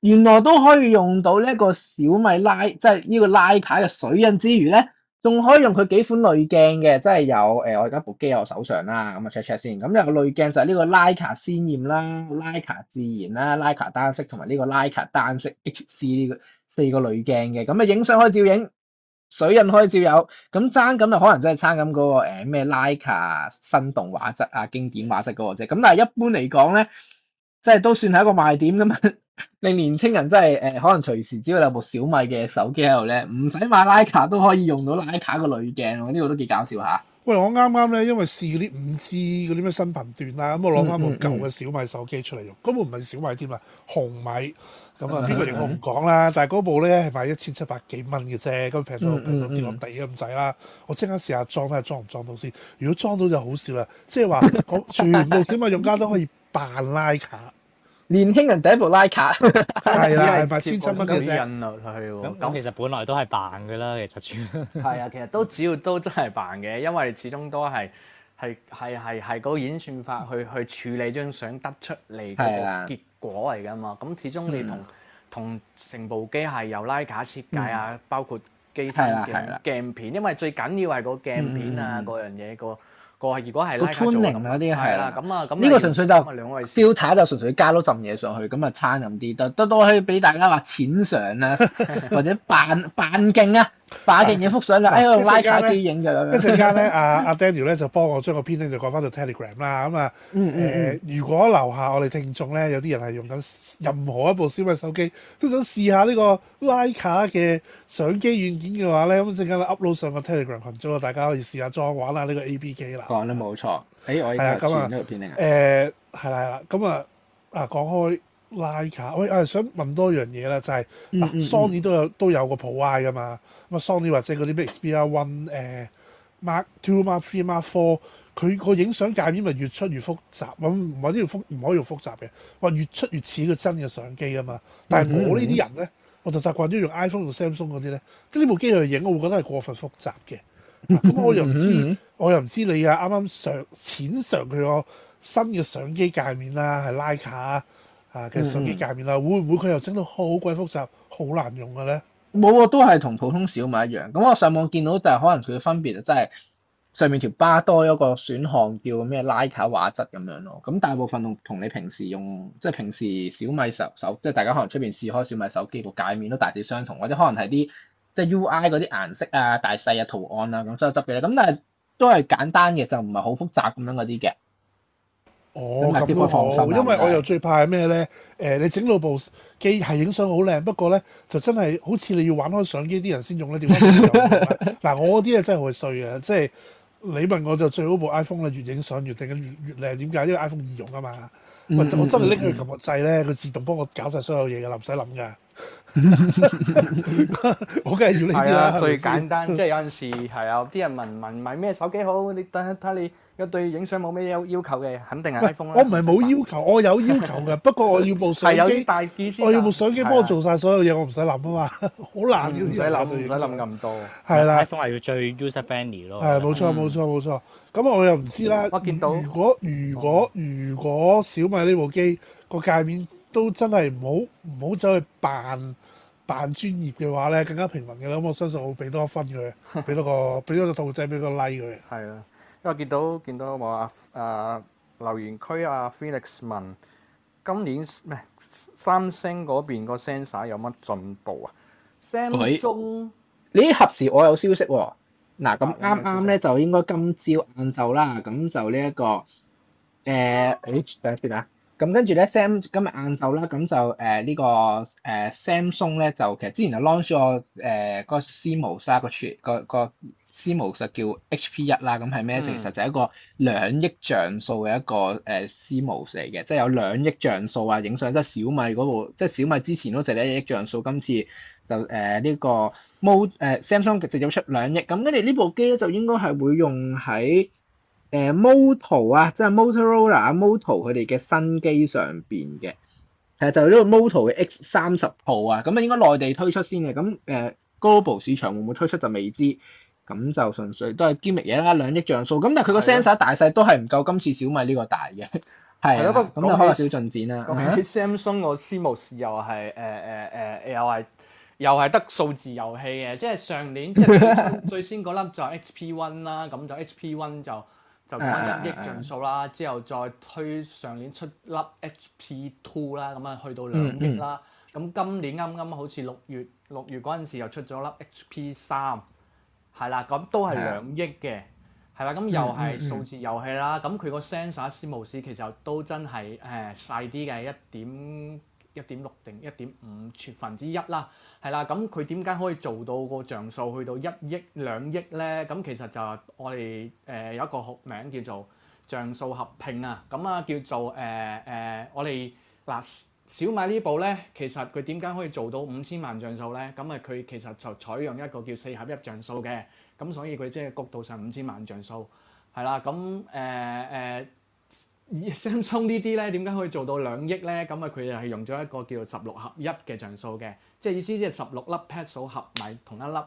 原來都可以用到呢一個小米拉，即係呢個拉卡嘅水印之餘咧，仲可以用佢幾款濾鏡嘅，即係有誒、呃，我而家部機喺我手上啦，咁啊 check check 先。咁有個濾鏡就係呢個拉卡鮮豔啦、拉卡自然啦、拉卡單色同埋呢個拉卡單色 HC 呢個四個濾鏡嘅，咁啊影相可以照影。水印可以照有，咁爭咁就可能真係爭緊嗰個咩？Leica、欸、新動畫質啊，經典畫質嗰個啫。咁但係一般嚟講咧，即係都算係一個賣點咁樣，令 年青人真係誒、欸、可能隨時只要有部小米嘅手機喺度咧，唔使買 Leica 都可以用到 Leica、個濾鏡喎。呢個都幾搞笑下。喂，我啱啱咧，因為試嗰啲五 G 嗰啲咩新頻段啦，咁我攞翻部舊嘅小米手機出嚟用，根本唔係小米添啊，紅米。咁啊，邊個型號唔講啦，的但係嗰部咧係賣一千七百幾蚊嘅啫，咁平咗平咗跌落地咁滯啦。我即刻試下裝，睇下裝唔裝到先？如果裝到就好笑啦，即係話， 全部小米用家都可以扮拉卡，年輕人第一部拉卡。係啊，係賣千七蚊。百幾蚊啫。咁其實本來都係扮嘅啦，其實全。係 啊，其實都主要都真係扮嘅，因為始終都係。係係係係嗰演算法去去處理張相得出嚟嘅結果嚟㗎嘛，咁始終你同同成部機係由徠卡設計啊，包括機身嘅鏡片，因為最緊要係、嗯、個鏡片啊，嗰樣嘢，個個如果係徠卡做咁，嗰啲係啦，咁啊咁呢個純粹就 filter 就純粹加多浸嘢上去，咁啊差咁啲，得得都可以俾大家話濰相啊，或者扮扮勁啊。把件嘢幅相，啦、啊！哎呀，Leica 機影就一陣間咧，阿阿、 啊、Daniel 咧就幫我將個編釘就改翻到 Telegram 啦。咁、嗯、啊，誒、嗯呃，如果樓下我哋聽眾咧，有啲人係用緊任何一部小米手機，都想試下呢個 Leica 嘅相機軟件嘅話咧，咁即刻 upload 上個 Telegram 羣組，大家可以試下裝玩下呢個 AB 機啦。講得冇錯。誒、哎，我依家轉咗個編釘。誒，係啦係啦。咁啊，啊講、呃嗯嗯、開。拉卡，喂，like，我係想問多樣嘢啦，就係、是、嗱、啊、Sony 都有都有個 Pro I 噶嘛，咁啊 Sony 或者嗰啲 Xperia One 誒、啊、Mark Two II, Mark Three Mark Four，佢個影相界面咪越出越複雜，咁或者要複唔可以用複雜嘅，話越出越似個真嘅相機啊嘛。但係我呢啲人咧，我就習慣咗用 iPhone 同 Samsung 嗰啲咧，即呢部機去影，我會覺得係過分複雜嘅。咁、啊、我又唔知， 我又唔知你啊，啱啱上淺嘗佢個新嘅相機界面啦、啊，係拉卡。啊，其實手機界面啦，嗯、會唔會佢又整到好鬼複雜、好難用嘅咧？冇啊，都係同普通小米一樣。咁我上網見到，就係可能佢嘅分別就係上面條巴多一個選項，叫咩？拉卡畫質咁樣咯。咁大部分同你平時用，即係平時小米手手，即係大家可能出面試開小米手機個界面都大致相同，或者可能係啲即係 UI 嗰啲顏色啊、大細啊、圖案啊咁，所以執嘅。咁但係都係簡單嘅，就唔係好複雜咁樣嗰啲嘅。哦咁啊，因為我又最怕係咩咧？誒、呃，你整到部機係影相好靚，不過咧就真係好似你要玩開相機啲人先用咧。點樣？嗱、 啊，我啲咧真係好衰嘅，即係你問我就最好部 iPhone 啦，越影相越定越越靚。點解？因為 iPhone 易用啊嘛。我真係拎佢㩒個掣咧，佢自動幫我搞晒所有嘢嘅啦，唔使諗㗎。我梗係要你啦，最簡單即係有陣時係啊，啲人問問買咩手機好，你等下睇睇你一對影相冇咩要求嘅，肯定係 iPhone 啦。我唔係冇要求，我有要求㗎，不過我要部相機，我要部相機幫我做晒所有嘢，我唔使諗啊嘛，好難嘅，唔使諗，唔使諗咁多。係啦，iPhone 係要最 user friendly 咯。係，冇錯，冇錯，冇錯。咁我又唔知啦。我見到，如果如果如果小米呢部機個界面，都真係唔好唔好走去扮扮專業嘅話咧，更加平民嘅啦。咁我相信我俾多一分佢，俾多個俾 多個兔仔俾個 like 佢。係啊，因為見到見到我阿阿留言區阿、啊、Felix 問今年唔係三星嗰邊個 sensor 有乜進步啊？Samsung 呢、哎、合時我有消息喎、啊。嗱咁啱啱咧就應該今朝晏晝啦。咁就呢、這個呃哎、一個誒，誒等下先啊。咁跟住咧，Sam 今日晏晝啦。咁就誒、呃這個呃、呢個誒 Samsung 咧，就其實之前就 launch 咗誒、呃那個 CMOS、那個 s i、那個、m u 就叫 HP1 啦。咁係咩？嗯、其實就一個兩億像素嘅一個誒 CMOS 嚟嘅，即係有兩億像素啊！影相即係小米嗰部，即係小米之前都就係一億像素，今次就誒、呃這個呃、呢個 Mo 誒 Samsung 直接出兩億。咁跟住呢部機咧，就應該係會用喺～誒 Moto 啊，即係 Motorola、Moto 佢哋嘅新機上邊嘅係就呢、是、個 Moto 嘅 X 三十 Pro 啊，咁啊應該內地推出先嘅，咁誒 Global 市場會唔會推出就未知，咁就純粹都係 gimmick 嘢啦，兩億像素，咁但係佢個 sensor 大細都係唔夠今次小米呢個大嘅，係啊的，咁 有少少進展啦。Samsung 個 s, 起 S,、uh huh. S, CMOS 又係誒誒誒，又係又係得數字遊戲嘅，即係上年 最先嗰粒就,就 HP One 啦，咁就 HP One 就。就講一億像素啦，之後再推上年出粒 HP Two 啦，咁啊去到兩億啦。咁、嗯嗯、今年啱啱好似六月六月嗰陣時又出咗粒 HP 三，係啦，咁都係兩億嘅，係啦、嗯，咁又係數字遊戲啦。咁佢個 sensor 攝霧攝其實都真係誒細啲嘅一點。1. 一點六定一點五千分之一啦，係啦，咁佢點解可以做到個像素去到一億兩億咧？咁其實就我哋誒、呃、有一個學名叫做像素合併啊，咁啊叫做誒誒、呃呃、我哋嗱小米呢部咧，其實佢點解可以做到五千萬像素咧？咁啊佢其實就採用一個叫四合一像素嘅，咁所以佢即係角度上五千萬像素，係啦，咁誒誒。呃 Samsung 呢啲咧，點解可以做到兩億咧？咁啊，佢哋係用咗一個叫做十六合一嘅像素嘅，即係意思即係十六粒 pixel 合埋同一粒，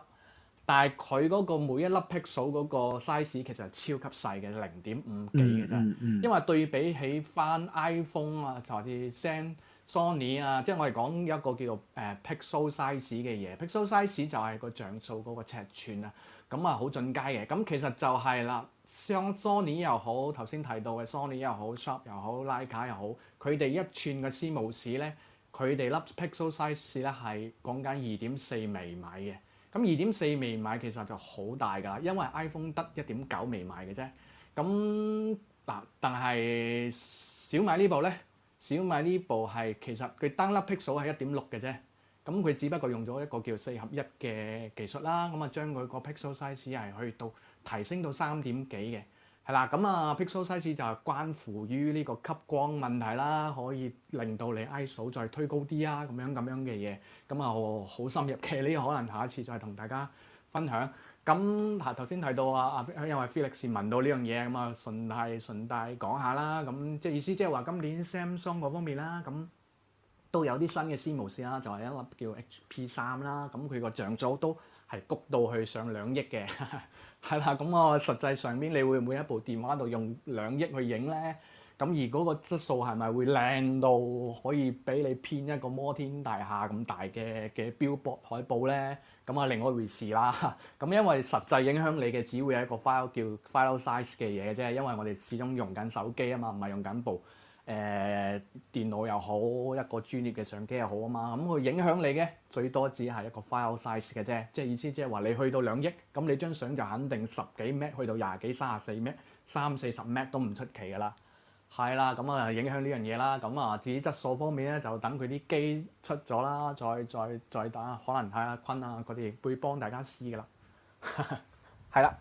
但係佢嗰個每一粒 pixels 嗰個 size 其實係超級細嘅，零點五幾嘅啫。嗯嗯嗯、因為對比起翻 iPhone 啊，就者 Sam Sony 啊，即係我哋講一個叫做誒、呃、pixel size 嘅嘢，pixel size 就係個像素嗰個尺寸啊，咁啊好進階嘅。咁其實就係啦，雙 Sony 又好，頭先提到嘅 Sony 又好，Sharp 又好，Leica 又好，佢哋一寸嘅 CMOS 咧，佢哋粒 pixel size 咧係講緊二點四微米嘅。咁二點四微米其實就好大㗎，因為 iPhone 得一點九微米嘅啫。咁嗱，但係小米呢部咧？小米呢部係其實佢單粒 pixel 係一點六嘅啫，咁佢只不過用咗一個叫四合一嘅技術啦，咁啊將佢個 pixel size 係去到提升到三點幾嘅，係啦，咁啊 pixel size 就係關乎於呢個吸光問題啦，可以令到你 ISO 再推高啲啊，咁樣咁樣嘅嘢，咁啊好深入嘅呢個可能下一次再同大家分享。咁頭頭先提到啊啊，因為 Felix 聞到呢樣嘢，咁啊順帶順帶講下啦，咁即係意思即係話今年 Samsung 嗰方面啦，咁都有啲新嘅 CMOS 啦，就係一粒叫 HP 三啦，咁佢個像素都係谷到去上兩億嘅，係啦，咁啊實際上邊你會唔會一部電話度用兩億去影咧？咁而嗰個質素係咪會靚到可以俾你編一個摩天大廈咁大嘅嘅 billboard 海報咧？咁啊，另外一回事啦。咁 因為實際影響你嘅只會係一個 file 叫 file size 嘅嘢啫。因為我哋始終用緊手機啊嘛，唔係用緊部誒、呃、電腦又好，一個專業嘅相機又好啊嘛。咁佢影響你嘅最多只係一個 file size 嘅啫。即係意思即係話你去到兩億咁，你張相就肯定十幾 met 去到廿幾、三廿四 met、三四十 met 都唔出奇㗎啦。係啦，咁啊影響呢樣嘢啦，咁啊至於質素方面咧，就等佢啲機出咗啦，再再再等，可能睇下坤啊佢哋會幫大家試噶啦。係啦，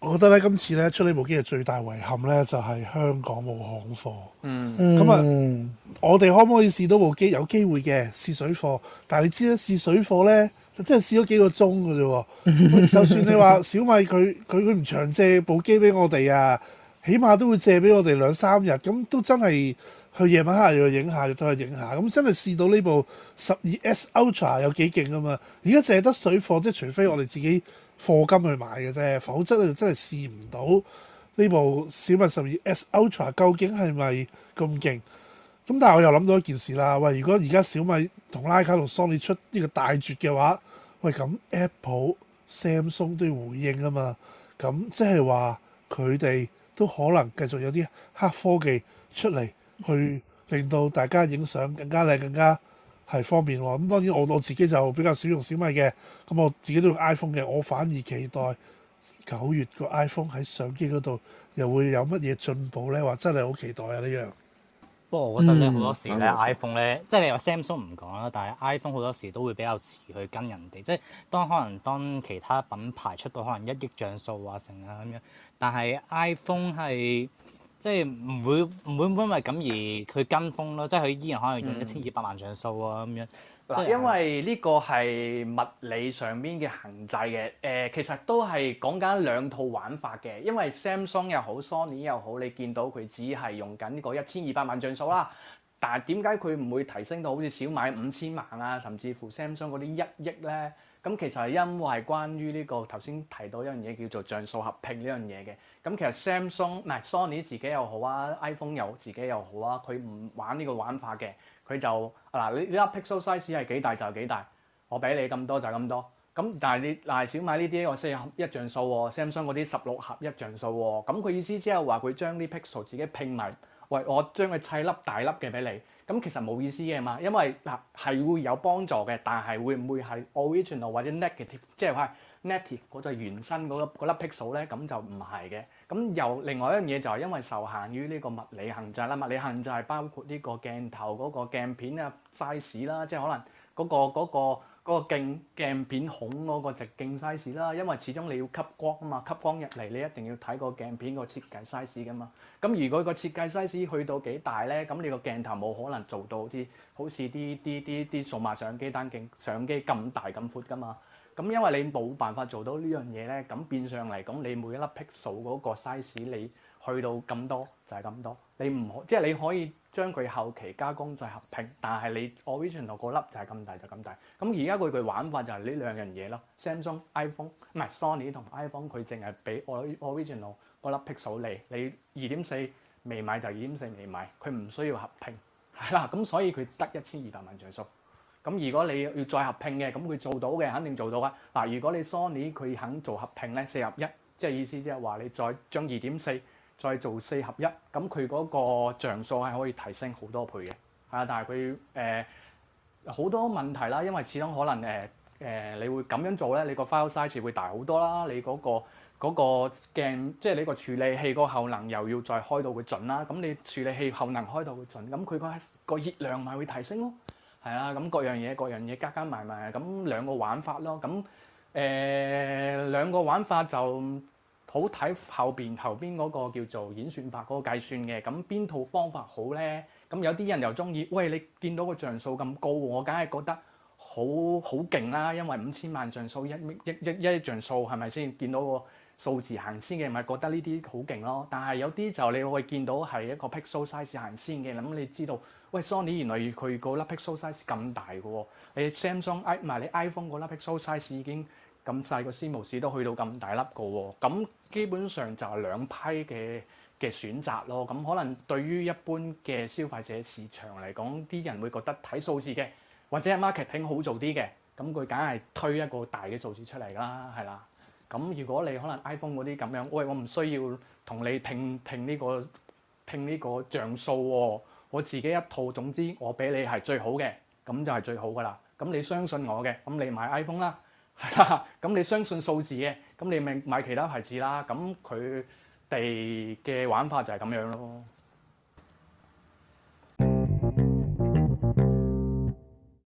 我覺得咧，今次咧出呢部機嘅最大遺憾咧就係、是、香港冇行貨。嗯嗯，咁、嗯、啊，我哋可唔可以試到部機？有機會嘅，試水貨，但係你知啦，試水貨咧就真係試咗幾個鐘噶啫。 就算你話小米佢佢佢唔長借部機俾我哋啊？起碼都會借俾我哋兩三日，咁都真係去夜晚黑又去影下，又去影下，咁真係試到呢部十二 S Ultra 有幾勁啊嘛！而家借得水貨，即係除非我哋自己貨金去買嘅啫，否則就真係試唔到呢部小米十二 S Ultra 究竟係咪咁勁？咁但係我又諗到一件事啦，喂，如果而家小米同拉卡 k 同 SONY 出呢個大絕嘅話，喂咁 APPLE、App Samsung 都要回應啊嘛，咁即係話佢哋，都可能繼續有啲黑科技出嚟，去令到大家影相更加靚、更加係方便喎。咁當然我我自己就比較少用小米嘅，咁我自己都用 iPhone 嘅。我反而期待九月個 iPhone 喺相機嗰度又會有乜嘢進步呢？話真係好期待啊呢樣！不過我覺得咧，好、嗯、多時咧、嗯、，iPhone 咧，即係你話 Samsung 唔講啦，但係 iPhone 好多時都會比較遲去跟人哋。即、就、係、是、當可能當其他品牌出到可能一億像素啊成啊咁樣，但係 iPhone 係即係、就、唔、是、會唔會因為咁而佢跟風咯，即係佢依然可能用一千二百萬像素啊咁樣。等等。因為呢個係物理上面嘅限制嘅，誒、呃，其實都係講緊兩套玩法嘅。因為 Samsung 又好，Sony 又好，你見到佢只係用緊呢個一千二百萬像素啦。但係點解佢唔會提升到好似小米五千萬啊，甚至乎 Samsung 嗰啲一億咧？咁、嗯、其實係因為關於呢、呢個頭先提到一樣嘢叫做像素合併呢樣嘢嘅。咁、嗯、其實 Samsung 嗱 Sony 自己又好啊，iPhone 又自己又好啊，佢唔玩呢個玩法嘅。佢就嗱、啊，你呢粒 pixel size 係幾大就係幾大，我俾你咁多就係咁多。咁但係你嗱，小米呢啲我四合一像素，Samsung 嗰啲十六合一像素，咁佢、哦嗯這個、意思即係話佢將啲 pixel 自己拼埋。喂，我將佢砌粒大粒嘅俾你，咁其實冇意思嘅嘛，因為嗱係會有幫助嘅，但係會唔會係 original 或者 negative，即係話 negative 嗰隻原生嗰粒 pixel 咧，咁就唔係嘅。咁又另外一樣嘢就係因為受限於呢個物理限制啦，物理限制係包括呢個鏡頭嗰、嗰個鏡片啊 size 啦，即係可能嗰個嗰個。嗰個嗰個鏡鏡片孔嗰個就鏡 size 啦，因為始終你要吸光啊嘛，吸光入嚟你一定要睇個鏡片個設計 size 噶嘛。咁如果個設計 size 去到幾大咧，咁你個鏡頭冇可能做到好似好似啲啲啲啲數碼相機單鏡相機咁大咁闊噶嘛。咁因為你冇辦法做到呢樣嘢咧，咁變相嚟咁你每一粒 pixel 嗰個 size 你去到咁多就係咁多。就是你唔可，即係你可以將佢後期加工再合拼，但係你 original 個粒就係咁大就咁大。咁而家佢嘅玩法就係呢兩樣嘢咯。Samsung、iPhone 唔係 Sony 同 iPhone，佢淨係俾 original 個粒 pixel 你。你二點四未買就二點四未買，佢唔需要合拼，係啦。咁所以佢得一千二百萬像素。咁如果你要再合拼嘅，咁佢做到嘅肯定做到啊。嗱，如果你 Sony 佢肯做合拼咧，四合一，即係意思即係話你再將二點四。再做四合一，咁佢嗰個像素係可以提升好多倍嘅，係啊，但係佢誒好多問題啦，因為始終可能誒誒，你會咁樣做咧，你個 file size 會大好多啦，你嗰個嗰個鏡，即係你個處理器個效能又要再開到會準啦，咁你處理器效能開到會準，咁佢個個熱量咪會提升咯，係啊，咁各樣嘢各樣嘢加加埋埋，咁兩個玩法咯，咁誒兩個玩法就。好睇後邊後邊嗰個叫做演算法嗰個計算嘅，咁邊套方法好咧？咁有啲人又鍾意，喂，你見到個像素咁高，我梗係覺得好好勁啦，因為五千萬像素一一一,一像素係咪先？見到個數字行先嘅，咪覺得呢啲好勁咯。但係有啲就你會見到係一個 pixel size 行先嘅，咁你知道，喂 Sony 原來佢個粒 pixel size 咁大嘅喎，你 Samsung i 唔係你 iPhone 個粒 pixel size 已經。咁細個 CMOS 都去到咁大粒個喎，咁基本上就係兩批嘅嘅選擇咯。咁可能對於一般嘅消費者市場嚟講，啲人會覺得睇數字嘅，或者 market 睇好做啲嘅，咁佢梗係推一個大嘅數字出嚟啦，係啦。咁如果你可能 iPhone 嗰啲咁樣，喂，我唔需要同你拼拼呢、呢個拼呢個像素喎，我自己一套，總之我俾你係最好嘅，咁就係最好噶啦。咁你相信我嘅，咁你買 iPhone 啦。係啦，咁你相信數字嘅，咁你咪買其他牌子啦。咁佢哋嘅玩法就係咁樣咯。